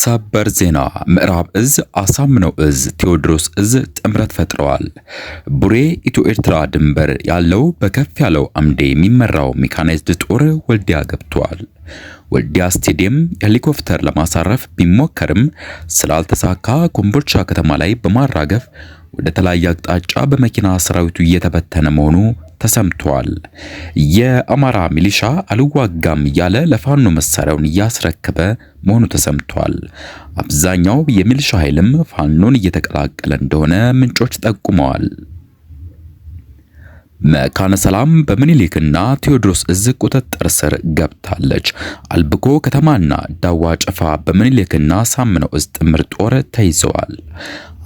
ሰበር ዜና ምዕራብ እዝ አሳምነው እዝ ቴዎድሮስ እዝ ጥምረት ፈጥረዋል። ቡሬ ኢትዮ ኤርትራ ድንበር ያለው በከፍ ያለው አምዴ የሚመራው ሜካናይዝድ ጦር ወልዲያ ገብቷል። ወልዲያ ስቴዲየም ሄሊኮፕተር ለማሳረፍ ቢሞከርም ስላልተሳካ ኮምቦልቻ ከተማ ላይ በማራገፍ ወደ ተለያየ አቅጣጫ በመኪና ሰራዊቱ እየተበተነ መሆኑ ተሰምቷል። የአማራ ሚሊሻ አልዋጋም እያለ ለፋኖ መሳሪያውን እያስረከበ መሆኑ ተሰምቷል። አብዛኛው የሚሊሻ ኃይልም ፋኖን እየተቀላቀለ እንደሆነ ምንጮች ጠቁመዋል። መካነ ሰላም በምኒልክና ቴዎድሮስ እዝ ቁጥጥር ስር ገብታለች። አልብኮ ከተማና ዳዋ ጭፋ በምኒልክና ሳምነው እዝ ጥምር ጦር ተይዘዋል።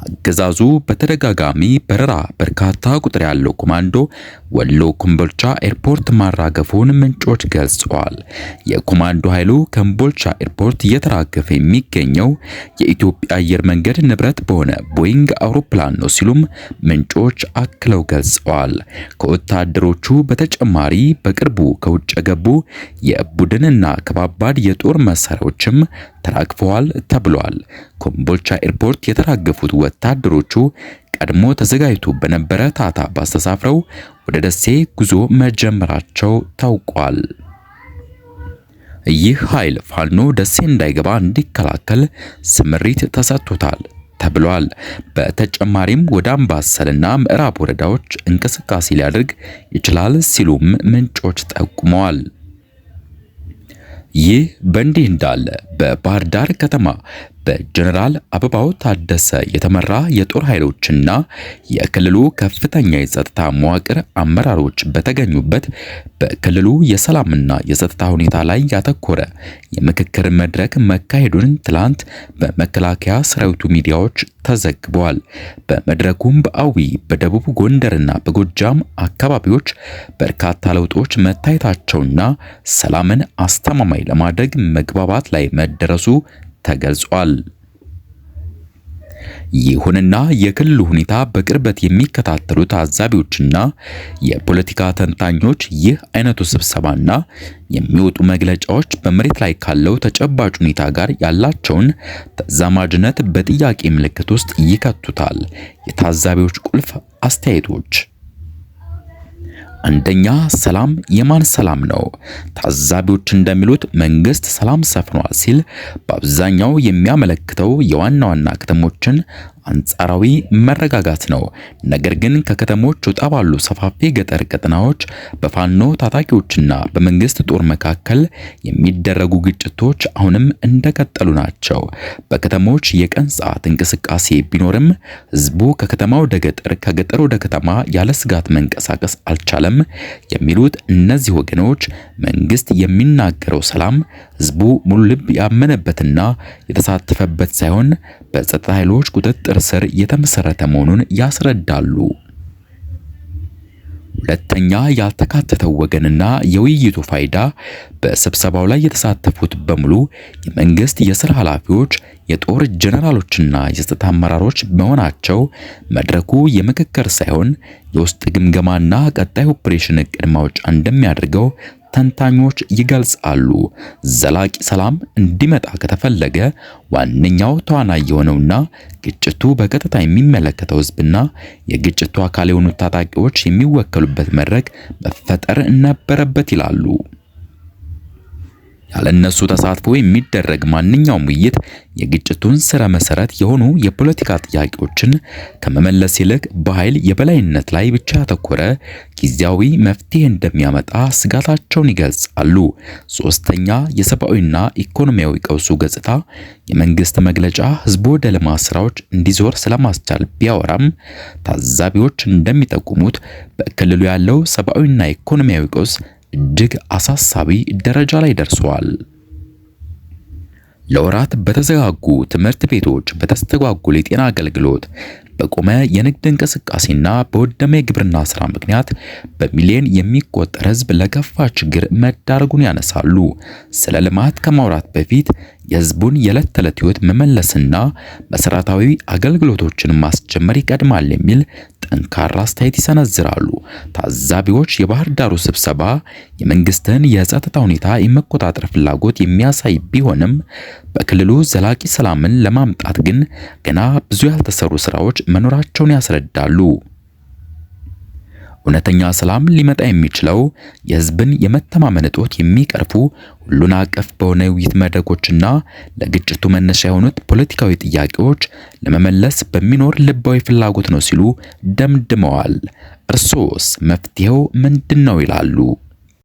አገዛዙ በተደጋጋሚ በረራ በርካታ ቁጥር ያለው ኮማንዶ ወሎ ኮምቦልቻ ኤርፖርት ማራገፉን ምንጮች ገልጸዋል። የኮማንዶ ኃይሉ ኮምቦልቻ ኤርፖርት እየተራገፈ የሚገኘው የኢትዮጵያ አየር መንገድ ንብረት በሆነ ቦይንግ አውሮፕላን ነው ሲሉም ምንጮች አክለው ገልጸዋል። ከወታደሮቹ በተጨማሪ በቅርቡ ከውጭ የገቡ የቡድንና ከባባድ የጦር መሳሪያዎችም ተራግፈዋል ተብሏል። ኮምቦልቻ ኤርፖርት የተራገፉት ወታደሮቹ ቀድሞ ተዘጋጅቶ በነበረ ታታ ባስ ተሳፍረው ወደ ደሴ ጉዞ መጀመራቸው ታውቋል። ይህ ኃይል ፋኖ ደሴ እንዳይገባ እንዲከላከል ስምሪት ተሰጥቶታል ተብሏል። በተጨማሪም ወደ አምባሰልና ምዕራብ ወረዳዎች እንቅስቃሴ ሊያደርግ ይችላል ሲሉም ምንጮች ጠቁመዋል። ይህ በእንዲህ እንዳለ በባህር ዳር ከተማ በጀነራል አበባው ታደሰ የተመራ የጦር ኃይሎችና የክልሉ ከፍተኛ የጸጥታ መዋቅር አመራሮች በተገኙበት በክልሉ የሰላምና የጸጥታ ሁኔታ ላይ ያተኮረ የምክክር መድረክ መካሄዱን ትላንት በመከላከያ ሰራዊቱ ሚዲያዎች ተዘግበዋል። በመድረኩም በአዊ በደቡብ ጎንደርና በጎጃም አካባቢዎች በርካታ ለውጦች መታየታቸውና ሰላምን አስተማማኝ ለማድረግ መግባባት ላይ መደረሱ ተገልጿል። ይሁንና የክልሉ ሁኔታ በቅርበት የሚከታተሉ ታዛቢዎችና የፖለቲካ ተንታኞች ይህ አይነቱ ስብሰባና የሚወጡ መግለጫዎች በመሬት ላይ ካለው ተጨባጭ ሁኔታ ጋር ያላቸውን ተዛማጅነት በጥያቄ ምልክት ውስጥ ይከቱታል። የታዛቢዎች ቁልፍ አስተያየቶች አንደኛ ሰላም የማን ሰላም ነው? ታዛቢዎች እንደሚሉት መንግስት ሰላም ሰፍኗል ሲል በአብዛኛው የሚያመለክተው የዋና ዋና ከተሞችን አንጻራዊ መረጋጋት ነው። ነገር ግን ከከተሞች ወጣ ባሉ ሰፋፊ ገጠር ቀጠናዎች በፋኖ ታጣቂዎችና በመንግስት ጦር መካከል የሚደረጉ ግጭቶች አሁንም እንደቀጠሉ ናቸው። በከተሞች የቀን ሰዓት እንቅስቃሴ ቢኖርም ህዝቡ ከከተማ ወደ ገጠር፣ ከገጠር ወደ ከተማ ያለ ስጋት መንቀሳቀስ አልቻለም የሚሉት እነዚህ ወገኖች መንግስት የሚናገረው ሰላም ህዝቡ ሙሉ ልብ ያመነበትና የተሳተፈበት ሳይሆን በጸጥታ ኃይሎች ቁጥጥር ስር የተመሰረተ መሆኑን ያስረዳሉ። ሁለተኛ ያልተካተተው ወገንና የውይይቱ ፋይዳ በስብሰባው ላይ የተሳተፉት በሙሉ የመንግስት የስራ ኃላፊዎች፣ የጦር ጀነራሎችና የጸጥታ አመራሮች መሆናቸው መድረኩ የምክክር ሳይሆን የውስጥ ግምገማና ቀጣይ ኦፕሬሽን እቅድ ማውጫ እንደሚያደርገው ተንታኞች ይገልጻሉ። ዘላቂ ሰላም እንዲመጣ ከተፈለገ ዋነኛው ተዋናይ የሆነውና ግጭቱ በቀጥታ የሚመለከተው ህዝብና የግጭቱ አካል የሆኑት ታጣቂዎች የሚወከሉበት መድረክ መፈጠር ነበረበት ይላሉ። ያለነሱ ተሳትፎ የሚደረግ ማንኛውም ውይይት የግጭቱን ስረ መሰረት የሆኑ የፖለቲካ ጥያቄዎችን ከመመለስ ይልቅ በኃይል የበላይነት ላይ ብቻ ያተኮረ ጊዜያዊ መፍትሄ እንደሚያመጣ ስጋታቸውን ይገልጻሉ። ሶስተኛ፣ የሰብአዊና ኢኮኖሚያዊ ቀውሱ ገጽታ የመንግስት መግለጫ ህዝቡ ወደ ልማት ስራዎች እንዲዞር ስለማስቻል ቢያወራም ታዛቢዎች እንደሚጠቁሙት በክልሉ ያለው ሰብአዊና ኢኮኖሚያዊ ቀውስ እጅግ አሳሳቢ ደረጃ ላይ ደርሷል። ለወራት በተዘጋጉ ትምህርት ቤቶች፣ በተስተጓጉል የጤና አገልግሎት፣ በቆመ የንግድ እንቅስቃሴና በወደመ የግብርና ስራ ምክንያት በሚሊዮን የሚቆጠር ህዝብ ለከፋ ችግር መዳረጉን ያነሳሉ። ስለ ልማት ከማውራት በፊት የህዝቡን የዕለት ተዕለት ህይወት መመለስና መሰረታዊ አገልግሎቶችን ማስጀመር ይቀድማል የሚል ጠንካራ አስተያየት ይሰነዝራሉ። ታዛቢዎች የባህር ዳሩ ስብሰባ የመንግስትን የጸጥታ ሁኔታ የመቆጣጠር ፍላጎት የሚያሳይ ቢሆንም በክልሉ ዘላቂ ሰላምን ለማምጣት ግን ገና ብዙ ያልተሰሩ ስራዎች መኖራቸውን ያስረዳሉ። እውነተኛ ሰላም ሊመጣ የሚችለው የህዝብን የመተማመን እጦት የሚቀርፉ ሁሉን አቀፍ በሆነ ውይይት መድረኮችና ለግጭቱ መነሻ የሆኑት ፖለቲካዊ ጥያቄዎች ለመመለስ በሚኖር ልባዊ ፍላጎት ነው ሲሉ ደምድመዋል። እርሶስ መፍትሄው ምንድን ነው ይላሉ?